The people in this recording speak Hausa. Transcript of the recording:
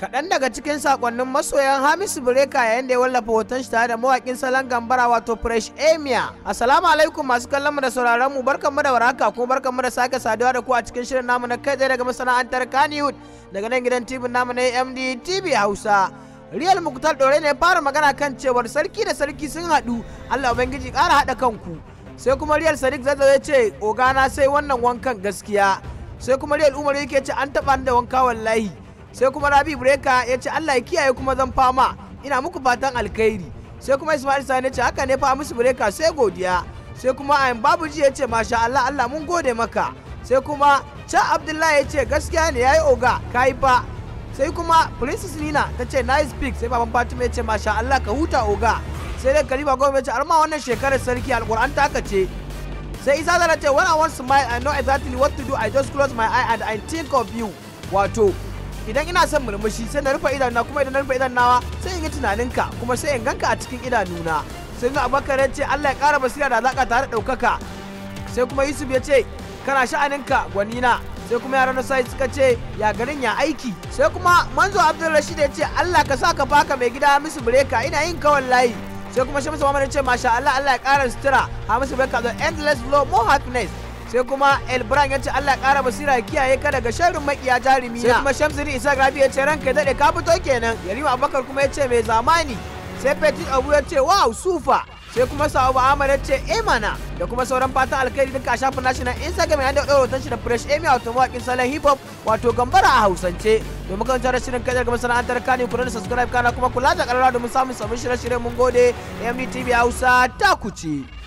kaɗan daga cikin sakonnin masoyan hamisu breka yayin da ya wallafa hoton shi tare da mawakin salon gambara wato fresh emia assalamu alaikum masu kallon mu da sauraron mu barkan mu da waraka kuma barkan mu da sake saduwa da ku a cikin shirin namu na kai daga masana'antar kanihud daga nan gidan tv namu na amd tv hausa Real Muktar Dore ne fara magana kan cewar sarki da sarki sun haɗu Allah Ubangiji ƙara haɗa kanku sai kuma Real Sadiq Zazzau ya ce ogana sai wannan wankan gaskiya sai kuma Real Umar yake ce an taɓa da wanka wallahi sai kuma rabi breka ya ce allah ya kiyaye kuma zan fama ina muku fatan alkhairi sai kuma ismail sani ya ce haka ne fa musu breka sai godiya sai kuma ayin babu ji ya ce masha allah allah mun gode maka sai kuma can abdullahi ya ce gaskiya ne ya yi oga ka yi fa sai kuma princess nina ta ce nice pick sai baban fatima ya ce masha allah ka huta oga sai dai kalifa goma ya ce arma wannan shekarar sarki alkur'an ta ce sai isa zara ce when i want smile i know exactly what to do i just close my eye and i think of you wato idan ina son murmushi sai na rufe idanuna kuma idan na rufe nawa sai in yi tunanin ka kuma sai in ganka a cikin idanuna sai ga abakar ya ce Allah ya kara basira da alaƙa tare da ɗaukaka sai kuma yusuf ya ce kana sha'aninka gwanina sai kuma yaran na sai suka ce ya garin ya aiki sai kuma manzo abdul rashid ya ce allah ka saka baka mai gida musu bireka ina yin kawan layi sai kuma shamsu Muhammad ya ce masha allah allah ya kara sutura ha musu bireka the endless flow more happiness sai kuma elbran ya ce allah kara basira kiyaye ka daga sharrin makiya jarumi sai kuma shamsuddin isa rabi ya ce ranka daɗe ka fito kenan yarima abubakar kuma ya ce mai zamani sai petit abu ya ce wow sufa sai kuma sa'u Ahmad ya ce emana eh da kuma sauran fatan alkhairi duka a shafin national instagram ya da hoton shi da fresh emi wato mawaƙin salon hip hop wato gambara a hausance domin kan jarar shirin kajar ga masana'antar kani ku da subscribe kana kuma kula da ƙararra domin samun sabbin shirye shiryen mun gode mdtv hausa ta kuce.